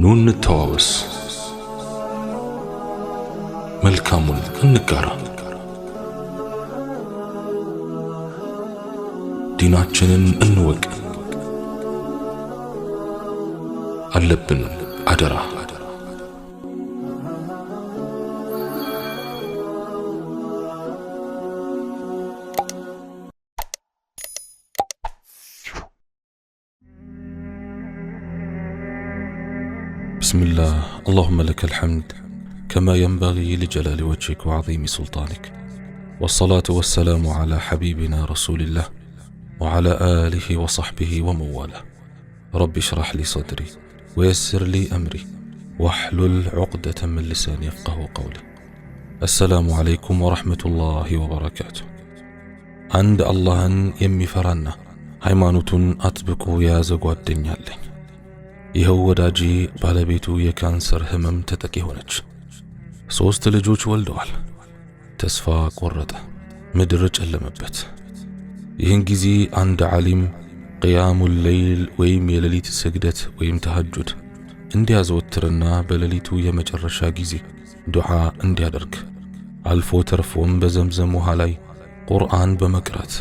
ኑ እንተዋወስ፣ መልካሙን እንጋራ፣ ዲናችንን እንወቅ አለብን አደራ። بسم الله اللهم لك الحمد كما ينبغي لجلال وجهك وعظيم سلطانك والصلاة والسلام على حبيبنا رسول الله وعلى آله وصحبه ومن والاه رب اشرح لي صدري ويسر لي أمري واحلل عقدة من لساني يفقه قولي السلام عليكم ورحمة الله وبركاته عند الله يمي فرنا ሃይማኖቱን يا የያዘ الدنيا አለኝ ይኸው ወዳጄ ባለቤቱ የካንሰር ህመም ተጠቂ ሆነች። ሦስት ልጆች ወልደዋል። ተስፋ ቆረጠ። ምድር ጨለመበት። ይህን ጊዜ አንድ ዓሊም ቅያሙ ሌይል ወይም የሌሊት ስግደት ወይም ተሐጁድ እንዲያዘወትርና በሌሊቱ የመጨረሻ ጊዜ ዱዓ እንዲያደርግ አልፎ ተርፎም በዘምዘም ውሃ ላይ ቁርአን በመቅራት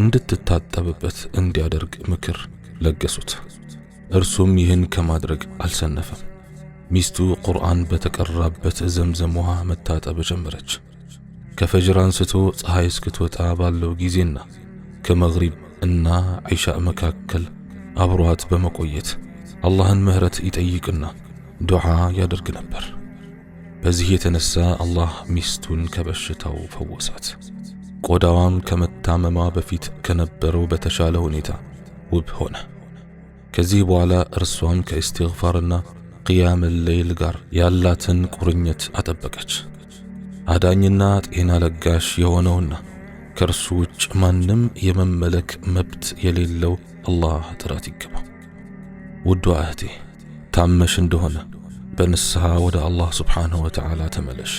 እንድትታጠብበት እንዲያደርግ ምክር ለገሱት። እርሱም ይህን ከማድረግ አልሰነፈም። ሚስቱ ቁርአን በተቀራበት ዘምዘም ውሃ መታጠብ ጀመረች። ከፈጅር አንስቶ ፀሐይ እስክትወጣ ባለው ጊዜና ከመግሪብ እና ዒሻ መካከል አብሯት በመቆየት አላህን ምሕረት ይጠይቅና ዱዓ ያደርግ ነበር። በዚህ የተነሳ አላህ ሚስቱን ከበሽታው ፈወሳት። ቆዳዋም ከመታመሟ በፊት ከነበረው በተሻለ ሁኔታ ውብ ሆነ። ከዚህ በኋላ እርሷም ከእስትግፋርና ቅያም ሌይል ጋር ያላትን ቁርኝት አጠበቀች። አዳኝና ጤና ለጋሽ የሆነውና ከእርሱ ውጭ ማንም የመመለክ መብት የሌለው አላህ ጥረት ይገባው። ውዷ እህቴ ታመሽ እንደሆነ በንስሐ ወደ አላህ ስብሓንሁ ወተዓላ ተመለሽ።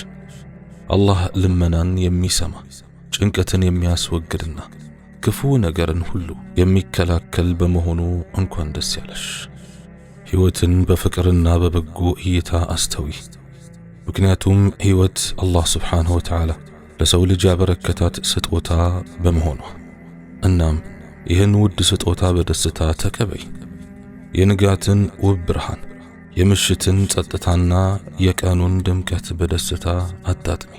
አላህ ልመናን የሚሰማ ጭንቀትን የሚያስወግድና ክፉ ነገርን ሁሉ የሚከላከል በመሆኑ እንኳን ደስ ያለሽ። ሕይወትን በፍቅርና በበጎ እይታ አስተዊ። ምክንያቱም ሕይወት አላህ ስብሓንሁ ወተዓላ ለሰው ልጅ ያበረከታት ስጦታ በመሆኗ። እናም ይህን ውድ ስጦታ በደስታ ተቀበይ። የንጋትን ውብ ብርሃን፣ የምሽትን ጸጥታና የቀኑን ድምቀት በደስታ አጣጥሚ።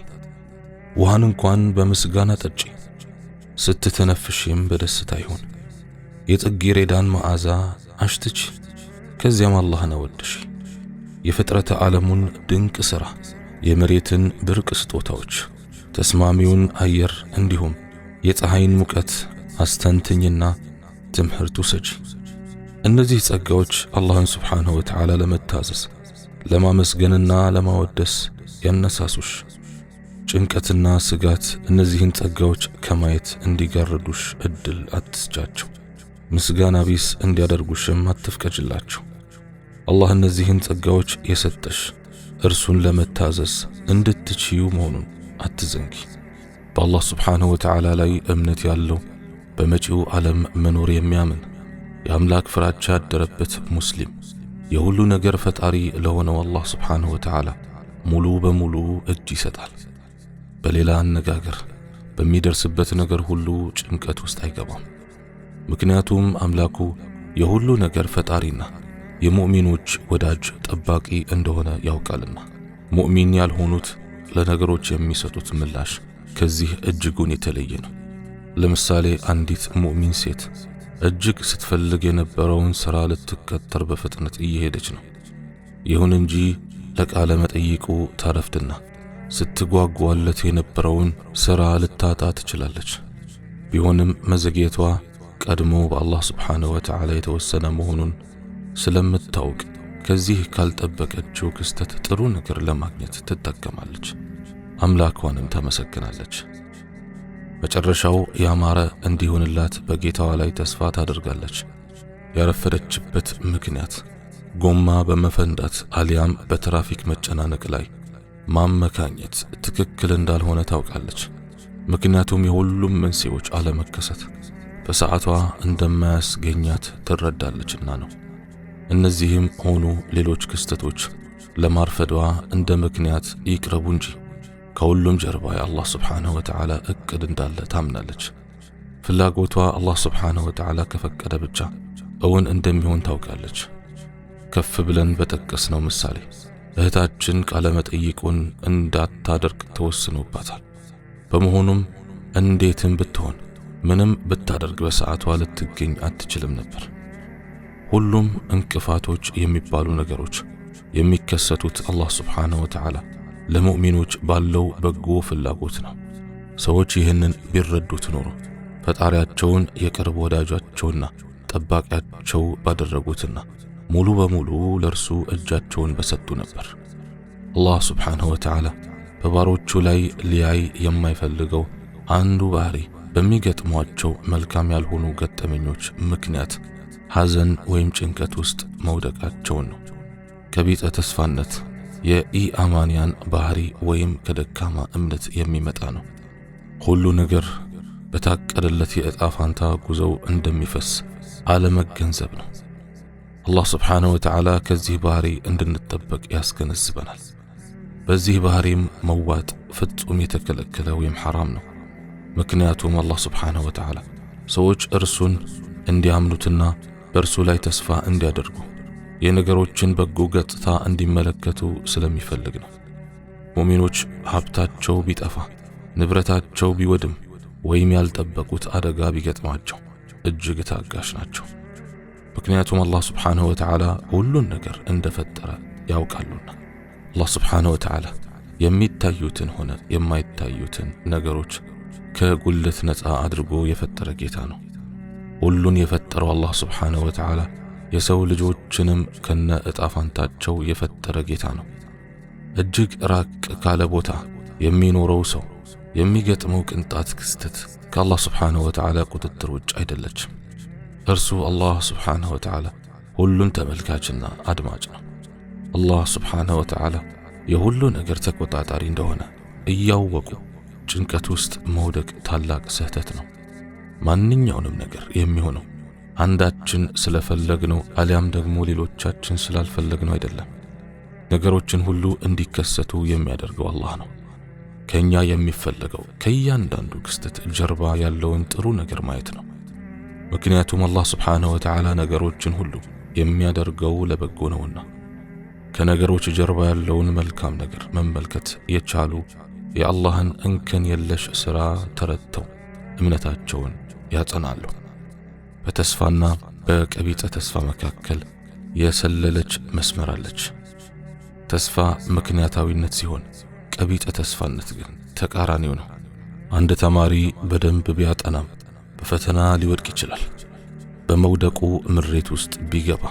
ውሃን እንኳን በምስጋና ጠጪ። ስትተነፍሽም በደስታ ይሁን የጽጌረዳን መዓዛ አሽትች። ከዚያም አላህን አወድሽ የፍጥረተ ዓለሙን ድንቅ ሥራ፣ የመሬትን ብርቅ ስጦታዎች፣ ተስማሚውን አየር እንዲሁም የፀሐይን ሙቀት አስተንትኝና ትምህርቱ ውሰጂ። እነዚህ ጸጋዎች አላህን ስብሓንሁ ወተዓላ ለመታዘዝ ለማመስገንና ለማወደስ ያነሳሱሽ። ጭንቀትና ስጋት እነዚህን ጸጋዎች ከማየት እንዲጋርዱሽ እድል አትስጫቸው። ምስጋና ቢስ እንዲያደርጉሽም አትፍቀጅላቸው። አላህ እነዚህን ጸጋዎች የሰጠሽ እርሱን ለመታዘዝ እንድትችዩ መሆኑን አትዘንጊ። በአላህ ስብሓንሁ ወተዓላ ላይ እምነት ያለው በመጪው ዓለም መኖር የሚያምን የአምላክ ፍራቻ ያደረበት ሙስሊም የሁሉ ነገር ፈጣሪ ለሆነው አላህ ስብሓንሁ ወተዓላ ሙሉ በሙሉ እጅ ይሰጣል። በሌላ አነጋገር በሚደርስበት ነገር ሁሉ ጭንቀት ውስጥ አይገባም። ምክንያቱም አምላኩ የሁሉ ነገር ፈጣሪና የሙእሚኖች ወዳጅ ጠባቂ እንደሆነ ያውቃልና። ሙእሚን ያልሆኑት ለነገሮች የሚሰጡት ምላሽ ከዚህ እጅጉን የተለየ ነው። ለምሳሌ አንዲት ሙእሚን ሴት እጅግ ስትፈልግ የነበረውን ሥራ ልትቀጠር በፍጥነት እየሄደች ነው። ይሁን እንጂ ለቃለ መጠይቁ ታረፍድና ስትጓጓለት የነበረውን ሥራ ልታጣ ትችላለች። ቢሆንም መዘግየቷ ቀድሞ በአላህ ስብሓነ ወተዓላ የተወሰነ መሆኑን ስለምታውቅ ከዚህ ካልጠበቀችው ክስተት ጥሩ ነገር ለማግኘት ትጠቀማለች፣ አምላኳንም ተመሰግናለች። መጨረሻው ያማረ እንዲሆንላት በጌታዋ ላይ ተስፋ ታደርጋለች። ያረፈደችበት ምክንያት ጎማ በመፈንዳት አሊያም በትራፊክ መጨናነቅ ላይ ማመካኘት ትክክል እንዳልሆነ ታውቃለች። ምክንያቱም የሁሉም መንስኤዎች አለመከሰት በሰዓቷ እንደማያስገኛት ትረዳለችና ነው። እነዚህም ሆኑ ሌሎች ክስተቶች ለማርፈዷ እንደ ምክንያት ይቅረቡ እንጂ ከሁሉም ጀርባ የአላህ ስብሓንሁ ወተዓላ እቅድ እንዳለ ታምናለች። ፍላጎቷ አላህ ስብሓንሁ ወተዓላ ከፈቀደ ብቻ እውን እንደሚሆን ታውቃለች። ከፍ ብለን በጠቀስነው ምሳሌ እህታችን ቃለመጠይቁን እንዳታደርግ ተወስኖባታል። በመሆኑም እንዴትም ብትሆን ምንም ብታደርግ በሰዓቷ ልትገኝ አትችልም ነበር። ሁሉም እንቅፋቶች የሚባሉ ነገሮች የሚከሰቱት አላህ ስብሓንሁ ወተዓላ ለሙእሚኖች ባለው በጎ ፍላጎት ነው። ሰዎች ይህንን ቢረዱት ኖሮ ፈጣሪያቸውን የቅርብ ወዳጃቸውና ጠባቂያቸው ባደረጉትና ሙሉ በሙሉ ለእርሱ እጃቸውን በሰጡ ነበር። አላህ ስብሓንሁ ወተዓላ በባሮቹ ላይ ሊያይ የማይፈልገው አንዱ ባህሪ በሚገጥሟቸው መልካም ያልሆኑ ገጠመኞች ምክንያት ሐዘን ወይም ጭንቀት ውስጥ መውደቃቸውን ነው። ከቢጠ ተስፋነት የኢአማንያን ባህሪ ወይም ከደካማ እምነት የሚመጣ ነው። ሁሉ ነገር በታቀደለት የእጣ ፋንታ ጉዞው እንደሚፈስ አለመገንዘብ ነው። አላህ ስብሓነ ወተዓላ ከዚህ ባህሪ እንድንጠበቅ ያስገነዝበናል። በዚህ ባህሪም መዋጥ ፍጹም የተከለከለ ወይም ሐራም ነው። ምክንያቱም አላህ ስብሓነ ወተዓላ ሰዎች እርሱን እንዲያምኑትና በእርሱ ላይ ተስፋ እንዲያደርጉ የነገሮችን በጎ ገጽታ እንዲመለከቱ ስለሚፈልግ ነው። ሙሚኖች ሀብታቸው ቢጠፋ፣ ንብረታቸው ቢወድም ወይም ያልጠበቁት አደጋ ቢገጥማቸው እጅግ ታጋሽ ናቸው። ምክንያቱም አላህ ስብሓንሁ ወተዓላ ሁሉን ነገር እንደፈጠረ ያውቃሉና። አላህ ስብሓንሁ ወተዓላ የሚታዩትን ሆነ የማይታዩትን ነገሮች ከጉልት ነፃ አድርጎ የፈጠረ ጌታ ነው። ሁሉን የፈጠረው አላህ ስብሓንሁ ወተዓላ የሰው ልጆችንም ከነ እጣፋንታቸው የፈጠረ ጌታ ነው። እጅግ ራቅ ካለ ቦታ የሚኖረው ሰው የሚገጥመው ቅንጣት ክስተት ከአላህ ስብሓንሁ ወተዓላ ቁጥጥር ውጭ አይደለችም። እርሱ አላህ ስብሓንሁ ወተዓላ ሁሉን ተመልካችና አድማጭ ነው። አላህ ስብሓንሁ ወተዓላ የሁሉ ነገር ተቆጣጣሪ እንደሆነ እያወቁ ጭንቀት ውስጥ መውደቅ ታላቅ ስህተት ነው። ማንኛውንም ነገር የሚሆነው አንዳችን ስለፈለግነው አሊያም ደግሞ ሌሎቻችን ስላልፈለግነው አይደለም። ነገሮችን ሁሉ እንዲከሰቱ የሚያደርገው አላህ ነው። ከእኛ የሚፈለገው ከእያንዳንዱ ክስተት ጀርባ ያለውን ጥሩ ነገር ማየት ነው። ምክንያቱም አላህ ስብሓንሁ ወተዓላ ነገሮችን ሁሉ የሚያደርገው ለበጎ ነውና። ከነገሮች ጀርባ ያለውን መልካም ነገር መመልከት የቻሉ የአላህን እንከን የለሽ ሥራ ተረድተው እምነታቸውን ያጸናሉ። በተስፋና በቀቢጸ ተስፋ መካከል የሰለለች መስመር አለች። ተስፋ ምክንያታዊነት ሲሆን፣ ቀቢጸ ተስፋነት ግን ተቃራኒው ነው። አንድ ተማሪ በደንብ ቢያጠናም በፈተና ሊወድቅ ይችላል። በመውደቁ ምሬት ውስጥ ቢገባ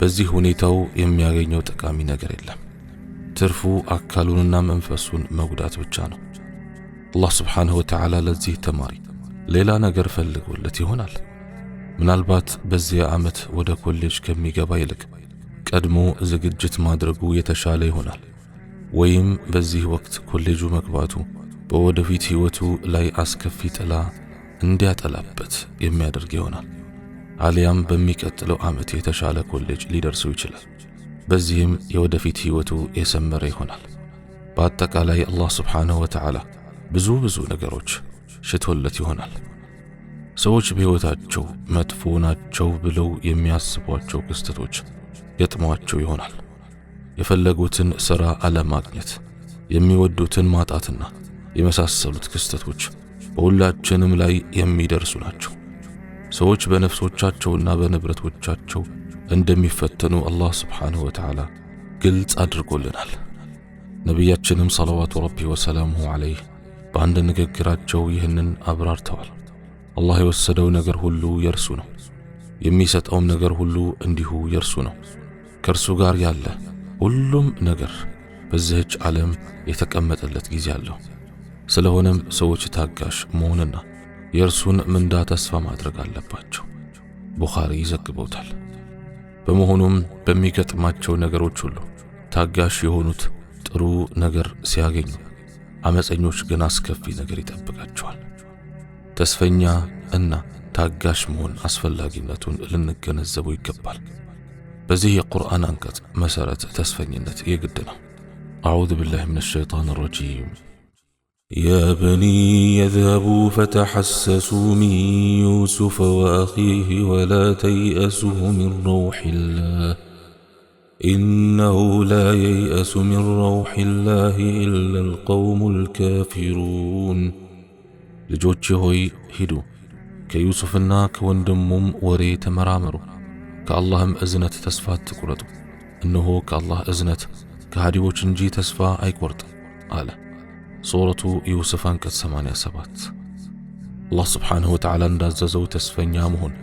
በዚህ ሁኔታው የሚያገኘው ጠቃሚ ነገር የለም። ትርፉ አካሉንና መንፈሱን መጉዳት ብቻ ነው። አላህ ስብሓንሁ ወተዓላ ለዚህ ተማሪ ሌላ ነገር ፈልጎለት ይሆናል። ምናልባት በዚያ ዓመት ወደ ኮሌጅ ከሚገባ ይልቅ ቀድሞ ዝግጅት ማድረጉ የተሻለ ይሆናል። ወይም በዚህ ወቅት ኮሌጁ መግባቱ በወደፊት ሕይወቱ ላይ አስከፊ ጥላ እንዲያጠላበት የሚያደርግ ይሆናል። አሊያም በሚቀጥለው ዓመት የተሻለ ኮሌጅ ሊደርሱ ይችላል። በዚህም የወደፊት ሕይወቱ የሰመረ ይሆናል። በአጠቃላይ አላህ ስብሓንሁ ወተዓላ ብዙ ብዙ ነገሮች ሽቶለት ይሆናል። ሰዎች በሕይወታቸው መጥፎ ናቸው ብለው የሚያስቧቸው ክስተቶች ገጥመዋቸው ይሆናል። የፈለጉትን ሥራ አለማግኘት፣ የሚወዱትን ማጣትና የመሳሰሉት ክስተቶች በሁላችንም ላይ የሚደርሱ ናቸው። ሰዎች በነፍሶቻቸውና በንብረቶቻቸው እንደሚፈተኑ አላህ ስብሓንሁ ወተዓላ ግልጽ አድርጎልናል። ነቢያችንም ሰለዋቱ ረቢ ወሰላሙሁ ዓለይህ በአንድ ንግግራቸው ይህንን አብራርተዋል። አላህ የወሰደው ነገር ሁሉ የርሱ ነው፣ የሚሰጠውም ነገር ሁሉ እንዲሁ የርሱ ነው። ከእርሱ ጋር ያለ ሁሉም ነገር በዚህች ዓለም የተቀመጠለት ጊዜ አለው። ስለሆነም ሰዎች ታጋሽ መሆንና የእርሱን ምንዳ ተስፋ ማድረግ አለባቸው። ቡኻሪ ይዘግበውታል። በመሆኑም በሚገጥማቸው ነገሮች ሁሉ ታጋሽ የሆኑት ጥሩ ነገር ሲያገኙ፣ አመፀኞች ግን አስከፊ ነገር ይጠብቃቸዋል። ተስፈኛ እና ታጋሽ መሆን አስፈላጊነቱን ልንገነዘቡ ይገባል። በዚህ የቁርአን አንቀጽ መሰረት ተስፈኝነት የግድ ነው። አዑዝ ቢላሂ ምን ሸይጣን ረጂም يا بني يذهبوا فتحسسوا من يوسف وأخيه ولا تيأسوا من روح الله إنه لا ييأس من روح الله إلا القوم الكافرون ልጆች ሆይ ሂዱ ከዩሱፍና ከወንድሙም ወሬ ተመራመሩ أزنت تسفات ተስፋ إنه كالله أزنت كهدي ከሃዲዎች እንጂ أي قرد آله ሱረቱ ዩሱፍ አንቀጽ 87 አላህ ስብሓንሁ ወተዓላ እንዳዘዘው ተስፈኛ መሆን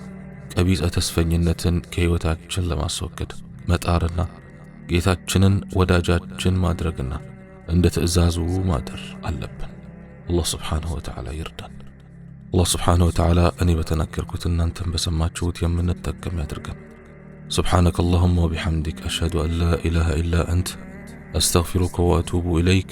ቀቢጸ ተስፈኝነትን ከሕይወታችን ለማስወገድ መጣርና ጌታችንን ወዳጃችን ማድረግና እንደ ትእዛዙ ማደር አለብን። አላህ ስብሓንሁ ወተዓላ ይርዳን። አላህ ስብሓንሁ ወተዓላ እኔ በተናገርኩት እናንተን በሰማችሁት የምንጠቀም ያድርገን። ስብሓነከ አላሁማ ወቢሐምዲክ አሽሃዱ አን ላ ኢላሃ ኢላ አንት አስተግፊሩከ ወአቱቡ ኢለይክ